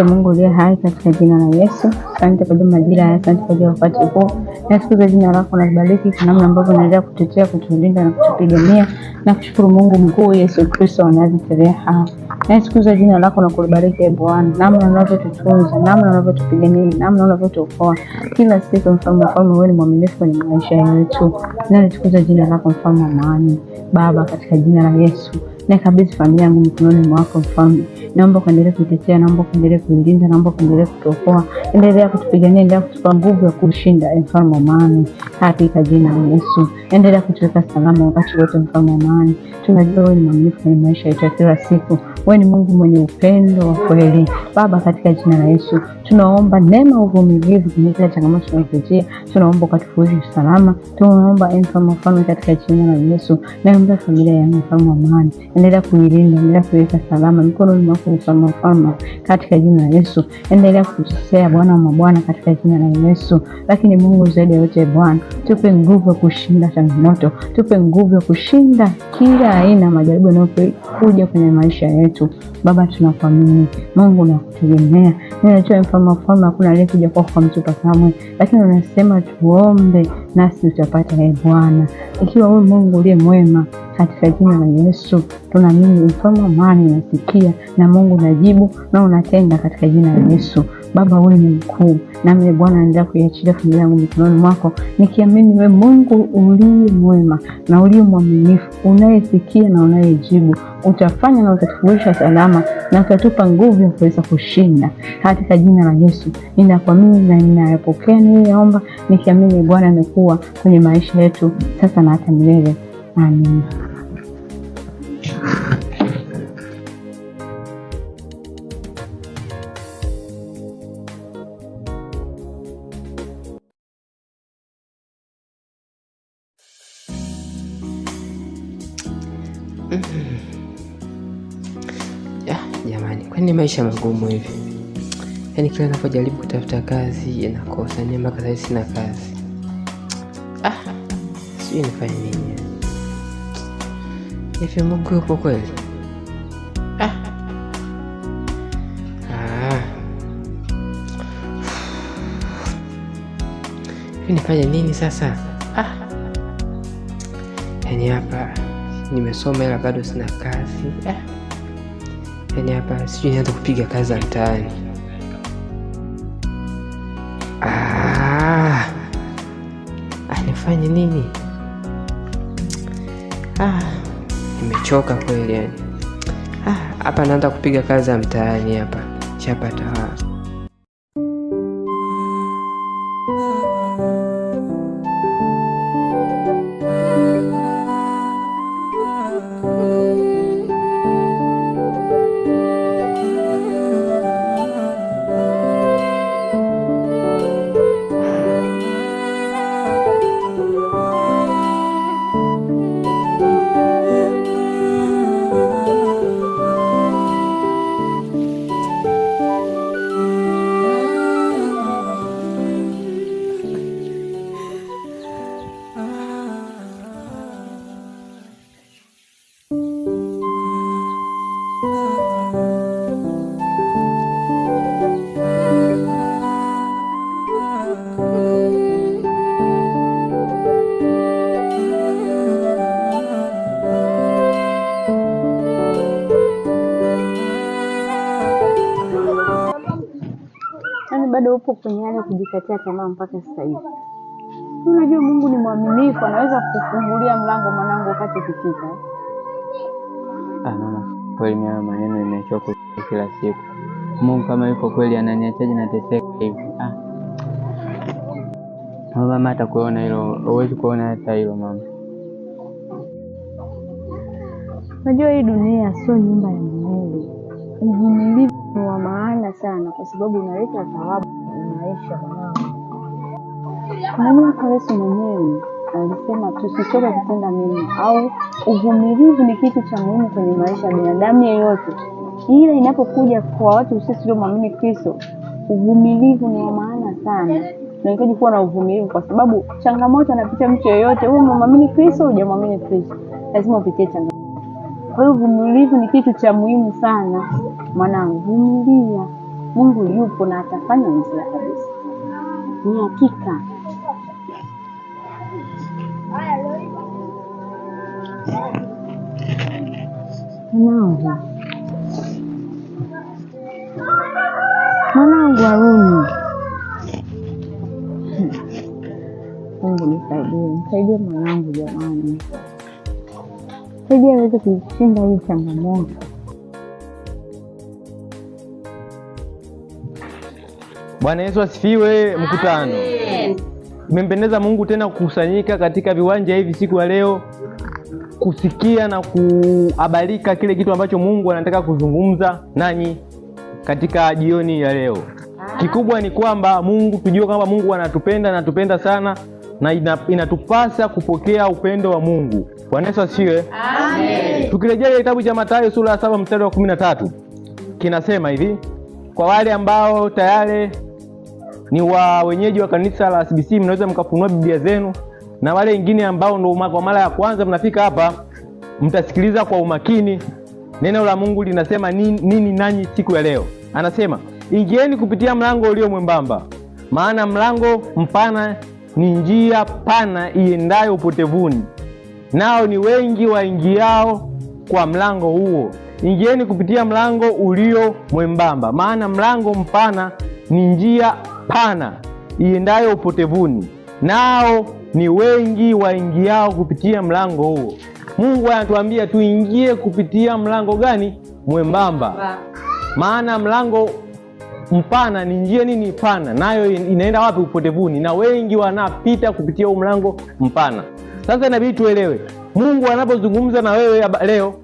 Kwa Mungu uliye hai katika jina la Yesu. Asante kwa ajili majira haya, asante kwa ajili ya wakati huu. Na siku za jina lako na kubariki kwa namna ambavyo unaendelea kutetea, kutulinda na kutupigania. Na kushukuru Mungu mkuu Yesu Kristo wa Nazareti. Na siku za jina lako na kulibariki e Bwana. Namna unavyotutunza, namna unavyotupigania, namna unavyotuokoa. Kila siku mfalme mfalme wewe ni mwaminifu kwenye maisha yetu. Na siku za jina lako mfalme wa amani. Baba katika jina la Yesu. Nakabidhi familia yangu mkononi mwako Mfalme. Naomba kuendelea kuitetea, naomba kuendelea kuilinda, naomba kuendelea kutuokoa, endelea kutupigania, endelea kutupa nguvu ya kushinda, eh, Mfalme wa maana, katika jina la Yesu. Endelea kutuweka salama wakati wote, Mfalme wa Tunajua wewe ni mwaminifu kwenye maisha yetu ya kila siku. We ni Mungu mwenye upendo wa kweli. Baba, katika jina la Yesu tunaomba neema, uvumilivu kwenye kila changamoto tunayopitia. Tunaomba ukatufuzi usalama, Tunaomba mfalme katika jina la Yesu naomba familia ya mfalme wa amani, endelea kuilinda, endelea kuiweka salama mikononi mwako mfalme mfalme, katika jina la Yesu endelea kutusea Bwana wa mabwana, katika jina la Yesu. Lakini Mungu zaidi ya yote Bwana, tupe nguvu ya kushinda changamoto, tupe nguvu ya kushinda kila aina majaribu yanayokuja kwenye maisha yetu wetu. Baba, tunakuamini Mungu, nakutegemea ninajua mfalme wa falme, hakuna aliyekuja kwa kwa mtu pakamwe, lakini unasema tuombe nasi utapata. Ee Bwana, ikiwa wewe Mungu uliye mwema katika jina la Yesu tunaamini, mfalme wa amani na Mungu najibu na unatenda katika jina la Yesu. Baba, wewe ni mkuu, nami ee Bwana naendelea kuiachilia familia yangu mikononi mwako, nikiamini wewe Mungu uliye mwema na uliye mwaminifu, unayesikia na unayejibu, utafanya na utatufurisha salama na utatupa nguvu ya kuweza kushinda katika jina la Yesu. Ninakuamini na ninayapokea niliyoomba, nikiamini ee Bwana amekuwa kwenye maisha yetu sasa na hata milele. Amen. maisha magumu hivi, yaani kila ninapojaribu kutafuta kazi inakosa, ni mpaka sasa sina kazi. Ah, sijui nifanye nini. Hivi Mungu yupo kweli? Ah. Ah. nifanye nini sasa? Ah. Yaani hapa nimesoma ila bado sina kazi. Ah. Yani hapa sijui nianza kupiga kazi mtaani. Ah, anifanye nini? Ah, nimechoka kweli yani. Ah, hapa naanza kupiga kazi mtaani hapa chapata bado upo kwenye hali ya kujikatia tamaa mpaka sasa hivi. Unajua Mungu ni mwaminifu, anaweza kukufungulia mlango mwanangu wakati ukifika. Ah, mama, kweli mimi maneno imechoka kila siku. Mungu kama yuko kweli ananiachaje nateseka hivi? Ah. Mama hata kuona hilo, huwezi kuona hata hilo mama. Unajua hii dunia sio nyumba ya milele. Uvumilivu ni wa maana sana na kwa sababu unaleta thawabu maisha mwanangu. Maana Yesu mwenyewe alisema tusichoke kutenda mema, au uvumilivu ni kitu cha muhimu kwenye maisha ya binadamu yeyote, ila inapokuja kwa watu sisi tuliomwamini Kristo, uvumilivu ni wa maana sana. Tunahitaji kuwa na uvumilivu, kwa sababu changamoto anapitia mtu yeyote, wewe umemwamini Kristo, hujamwamini Kristo, lazima upitie changamoto. Kwa hiyo uvumilivu ni kitu cha muhimu sana mwanangu, vumilia. Mungu yupo na atafanya njia kabisa, ni hakika. Mwanangu, mwanangu Haruni, Mungu nisaidie, nisaidie mwanangu, jamani, saidia aweze kuishinda hii changamoto. Bwana Yesu asifiwe. Mkutano imempendeza Mungu tena kukusanyika katika viwanja hivi siku ya leo kusikia na kuhabarika kile kitu ambacho Mungu anataka kuzungumza nanyi katika jioni ya leo. Ah. Kikubwa ni kwamba Mungu tujue kwamba Mungu anatupenda, anatupenda sana na inatupasa kupokea upendo wa Mungu. Bwana Yesu asifiwe. Amen. Tukirejea kitabu cha Mathayo sura ya saba mstari wa 13 kinasema hivi, kwa wale ambao tayari ni wa wenyeji wa kanisa la CBC, mnaweza mkafunua Biblia zenu, na wale wengine ambao ndio kwa mara ya kwanza mnafika hapa, mtasikiliza kwa umakini neno la Mungu linasema nini, nini nanyi siku ya leo. Anasema, ingieni kupitia mlango ulio mwembamba, maana mlango mpana ni njia pana iendayo upotevuni, nao ni wengi waingiao kwa mlango huo. Ingieni kupitia mlango ulio mwembamba, maana mlango mpana ni njia pana iendayo upotevuni, nao ni wengi waingiao kupitia mlango huo. Mungu anatuambia tuingie kupitia mlango gani? Mwembamba. Maana mlango mpana ni njia nini? Pana, nayo inaenda wapi? Upotevuni, na wengi wanapita kupitia huu mlango mpana. Sasa inabidi tuelewe Mungu anapozungumza na wewe leo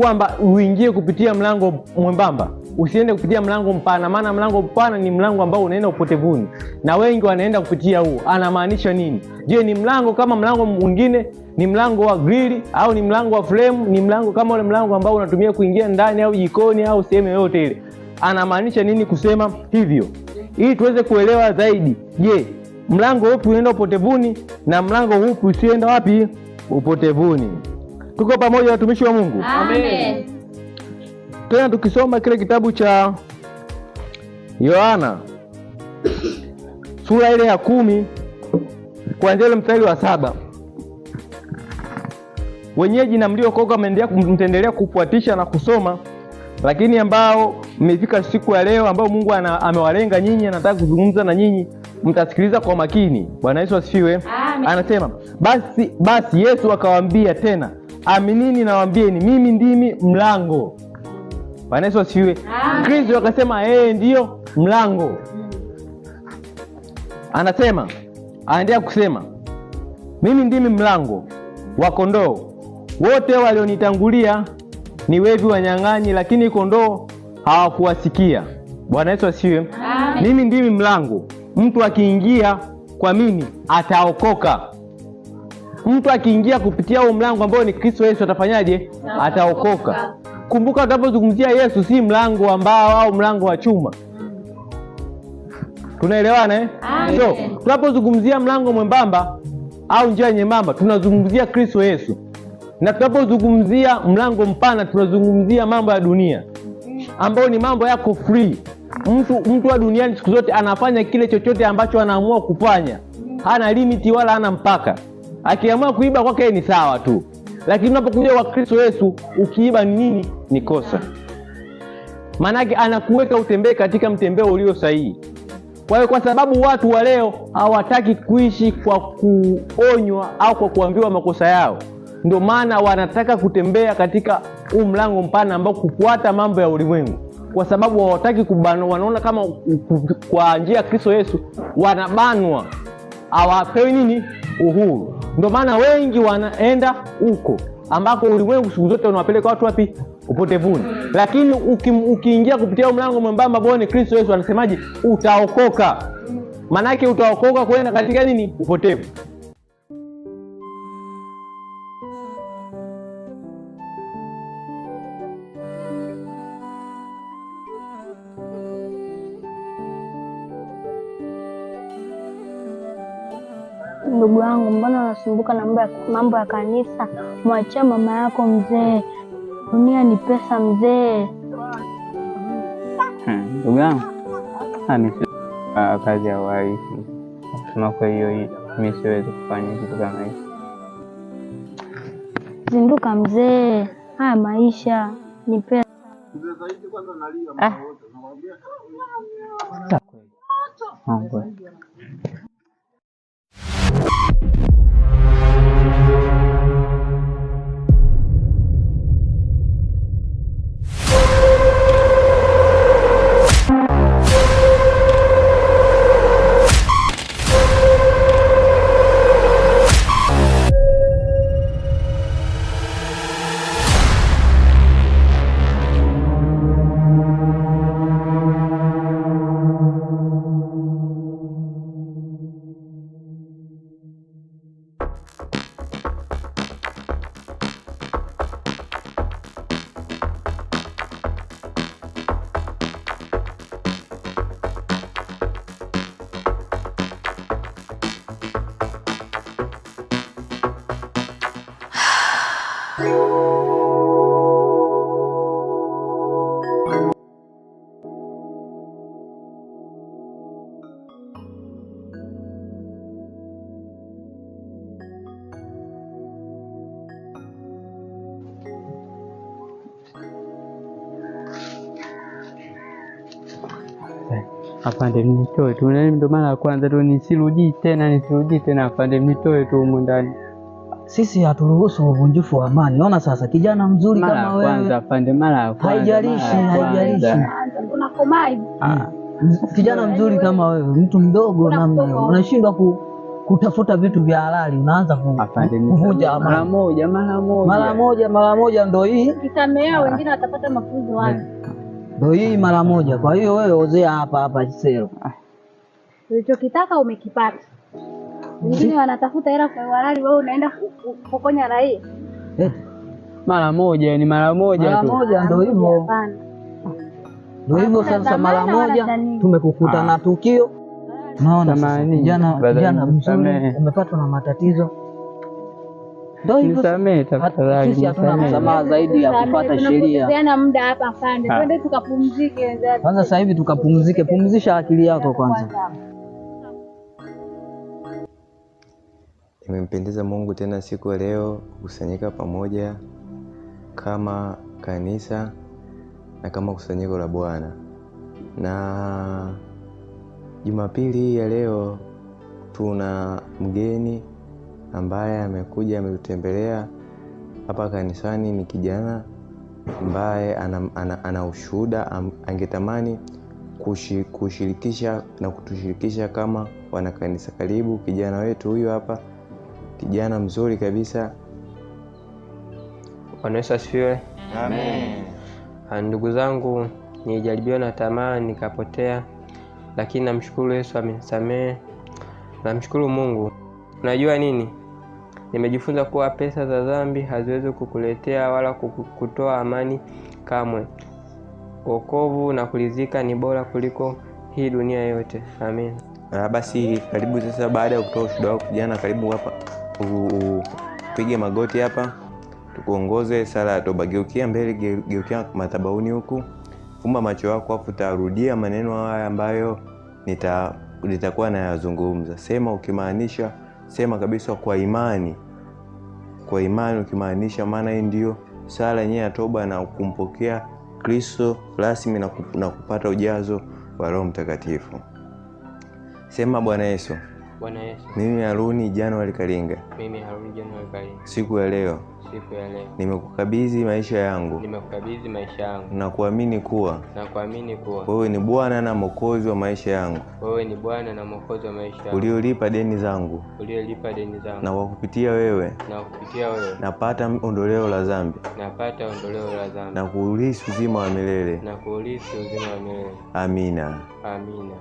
kwamba uingie kupitia mlango mwembamba usiende kupitia mlango mpana, maana mlango mpana ni mlango ambao unaenda upotevuni na wengi wanaenda kupitia huo. Anamaanisha nini? Je, ni mlango kama mlango mwingine? Ni mlango wa grili au ni mlango wa fremu? Ni mlango kama ule mlango ambao unatumia kuingia ndani au jikoni au sehemu yoyote ile? Anamaanisha nini kusema hivyo? Ili tuweze kuelewa zaidi, je, mlango upi unaenda upotevuni na mlango upi usienda wapi upotevuni? Tuko pamoja watumishi wa Mungu, amen tena tukisoma kile kitabu cha Yohana sura ile ya kumi kuanzia ile mstari wa saba wenyeji na mliokoka mtaendelea kufuatisha na kusoma, lakini ambao mmefika siku ya leo, ambao Mungu ana, amewalenga nyinyi, anataka kuzungumza na nyinyi, mtasikiliza kwa makini. Bwana Yesu asifiwe. Anasema basi, basi Yesu akawaambia tena, aminini nawaambieni, mimi ndimi mlango Bwana Yesu asifiwe. Kristo akasema yeye ndiyo mlango. Anasema, anaendelea kusema, mimi ndimi mlango wa kondoo, wote walionitangulia ni wevi wanyang'anyi, lakini kondoo hawakuwasikia. Bwana Yesu asifiwe. Mimi ndimi mlango, mtu akiingia kwa mimi ataokoka. Mtu akiingia kupitia huo mlango ambao ni Kristo Yesu atafanyaje? Ataokoka. Kumbuka tunapozungumzia Yesu si mlango wa mbao au mlango wa chuma. Tunaelewana eh? So tunapozungumzia mlango mwembamba au njia nyembamba tunazungumzia Kristo Yesu, na tunapozungumzia mlango mpana tunazungumzia mambo ya dunia ambayo ni mambo yako free. Mtu mtu wa duniani siku zote anafanya kile chochote ambacho anaamua kufanya, hana limiti wala hana mpaka. Akiamua kuiba kwake ni sawa tu lakini unapokuja kwa Kristo Yesu ukiiba ni nini? Ni kosa. Maanake anakuweka utembee katika mtembeo ulio sahihi. Kwa hiyo, kwa sababu watu wa leo hawataki kuishi kwa kuonywa au kwa kuambiwa makosa yao, ndio maana wanataka kutembea katika huu mlango mpana ambao kufuata mambo ya ulimwengu, kwa sababu hawataki kubanwa. Wanaona kama kwa njia ya Kristo Yesu wanabanwa, hawapewi nini, uhuru. Ndio maana wengi wanaenda huko ambako ulimwengu siku zote unawapeleka watu wapi? Upotevuni. Lakini ukiingia uki kupitia mlango mwembamba ambao ni Kristo Yesu, anasemaje? Utaokoka. Maanake utaokoka kwenda katika nini? Upotevu. wangu, mbona unasumbuka na mambo ya kanisa? Mwachia mama yako mzee, dunia ni pesa mzee. Hmm, ndugu yangu ah, ah, kazi ya uharifu, kusema kwa hiyo mi siwezi kufanya kitu kama hicho. Zinduka mzee, haya maisha ni pesa. Ah. afande, mnitoe tu. Na yaani Ndio mara ya kwanza tu, nisirudii tena, nisirudii tena afande, mnitoe tu humu ndani. Sisi haturuhusu uvunjifu wa amani. Naona sasa kijana mzuri kama wewe, mara ya kwanza afande, mara ya kwanza, haijalishi haijalishi, ah. kijana mzuri kama wewe, mtu mdogo na unashindwa ku kutafuta vitu vya halali unaanza kuvunja mara moja mara moja mara moja, ndo hii. kitamea wengine watapata mafunzo eh. wapi? Ndio hii mara moja. Kwa hiyo wewe ozea hapa hapa Kisero, ah. ulichokitaka umekipata. Wengine wanatafuta hela kwa uhalali, wewe unaenda kukonya raia eh. Mara moja ni mara moja tu, mara moja ndio hivyo, ndio hivyo. Sasa mara moja tumekukuta na ah. tukio, naona jana jana mzuri umepatwa na matatizo ndio hivyo. Nisamee tafadhali. Sisi hatuna msamaha zaidi ya kufuata sheria. Tunapoteana muda hapa afande. Twende tukapumzike wenzetu. Kwanza sasa hivi tukapumzike. Pumzisha akili yako kwanza. Imempendeza Mungu tena siku ya leo kukusanyika pamoja kama kanisa na kama kusanyiko la Bwana. Na Jumapili hii ya leo tuna mgeni ambaye amekuja ametutembelea hapa kanisani ni kijana ambaye ana, ana, ana ushuhuda angetamani angetamani kushirikisha na kutushirikisha kama wanakanisa. Karibu kijana wetu huyu hapa, kijana mzuri kabisa. Bwana asifiwe. Ah, ndugu zangu, nijaribiwa na tamaa nikapotea, lakini namshukuru Yesu amenisamehe. Namshukuru Mungu. Unajua nini? Nimejifunza kuwa pesa za dhambi haziwezi kukuletea wala kutoa amani kamwe. Wokovu na kulizika ni bora kuliko hii dunia yote. Amen. Ah, basi karibu sasa, baada ya kutoa ushuda wako kijana, karibu hapa upige magoti hapa, tukuongoze sala ya toba. Geukia mbele, geukia madhabahuni huku, fumba macho yako, afu utarudia maneno haya ambayo nitakuwa nita nayazungumza. Sema ukimaanisha sema kabisa kwa imani, kwa imani ukimaanisha, maana hii ndio sala yenyewe ya toba na kumpokea Kristo rasmi na kupata ujazo wa Roho Mtakatifu. Sema Bwana Yesu Bwana Yesu. Mimi Haruni Januari Kalinga. Mimi Haruni Januari Kalinga. Siku ya leo. Siku ya leo. Nimekukabidhi maisha yangu. Nimekukabidhi maisha yangu. Na kuamini kuwa. Na kuamini kuwa. Wewe ni Bwana na Mwokozi wa maisha yangu. Wewe ni Bwana na Mwokozi wa maisha yangu. Uliolipa deni zangu. Uliolipa deni zangu. Na kwa kupitia wewe. Na kupitia wewe. Napata ondoleo la dhambi. Napata ondoleo la dhambi. Na kuulisi uzima wa milele. Na kuulisi uzima wa milele. Amina. Amina.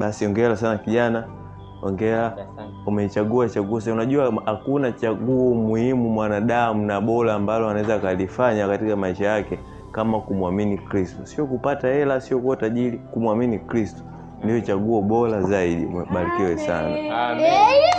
Basi ongera sana kijana, ongera umechagua chaguo. Unajua hakuna chaguo muhimu mwanadamu na bora ambalo anaweza akalifanya katika maisha yake kama kumwamini Kristo. Sio kupata hela, sio kuwa tajiri, kumwamini Kristo ndio chaguo bora zaidi. Mbarikiwe sana Amen.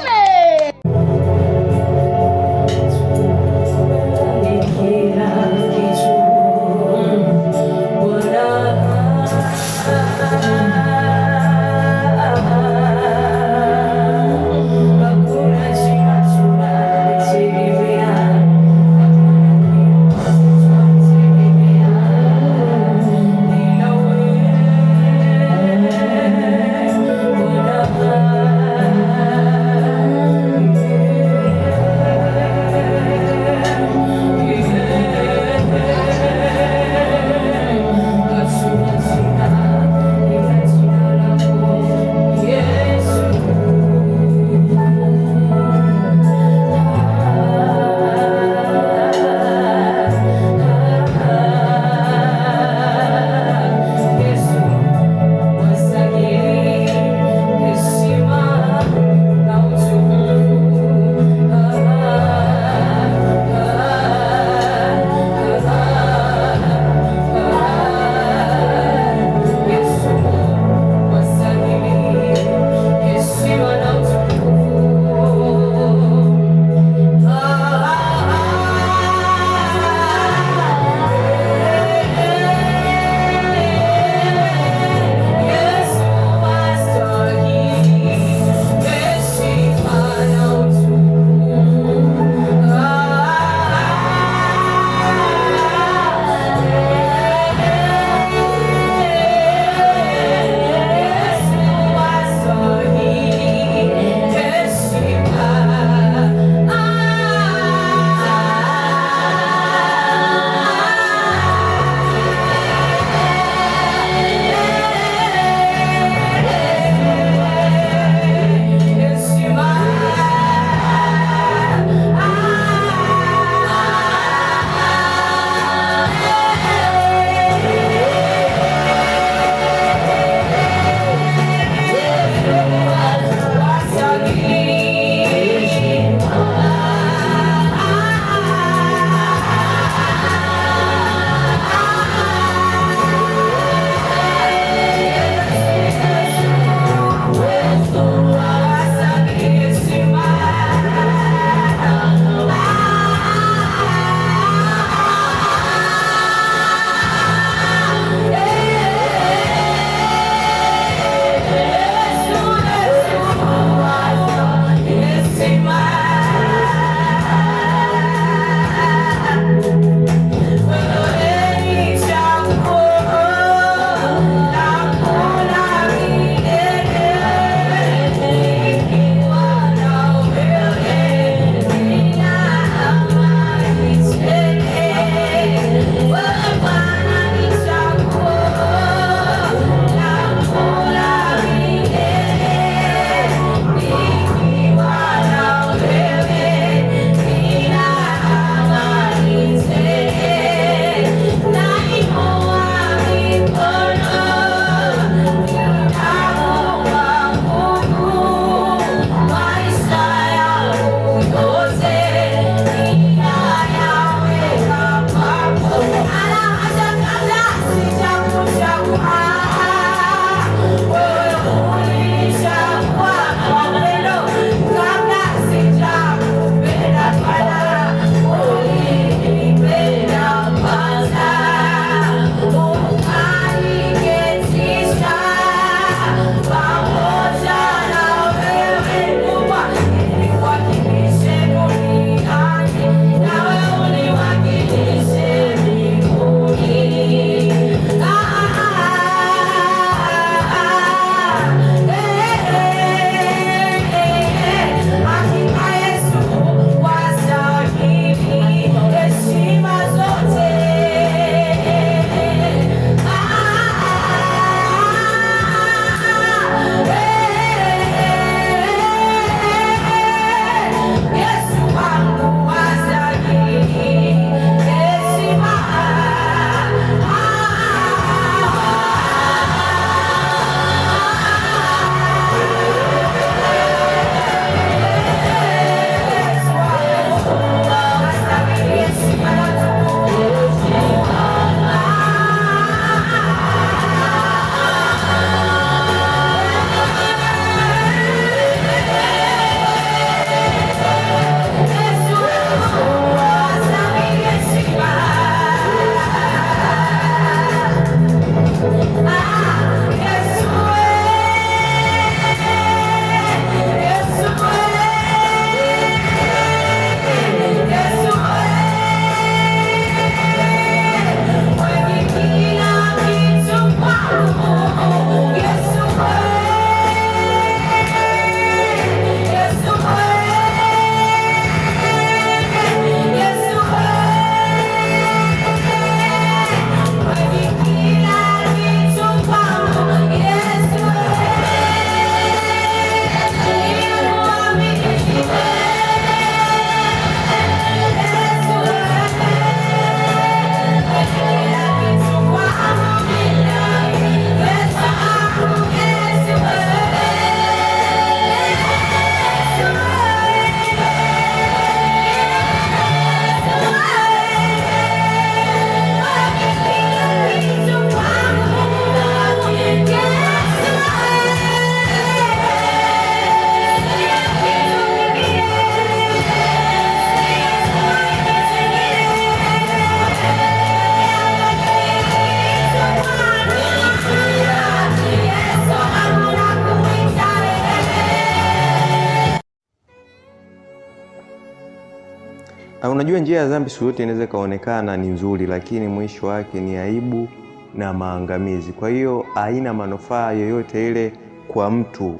njia ya dhambi siku zote inaweza ikaonekana ni nzuri, lakini mwisho wake ni aibu na maangamizi. Kwa hiyo haina manufaa yoyote ile kwa mtu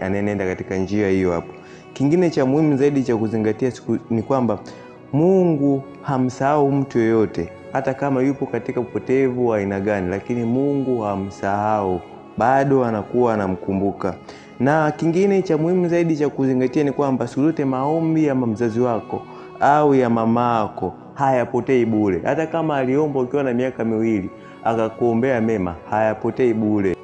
anayeenda katika njia hiyo. Hapo kingine cha muhimu zaidi cha kuzingatia siku ni kwamba Mungu hamsahau mtu yoyote, hata kama yupo katika upotevu wa aina gani, lakini Mungu hamsahau, bado anakuwa anamkumbuka. Na kingine cha muhimu zaidi cha kuzingatia ni kwamba siku zote maombi ya mzazi wako au ya mama yako hayapotei bure. Hata kama aliomba ukiwa na miaka miwili akakuombea mema, hayapotei bure.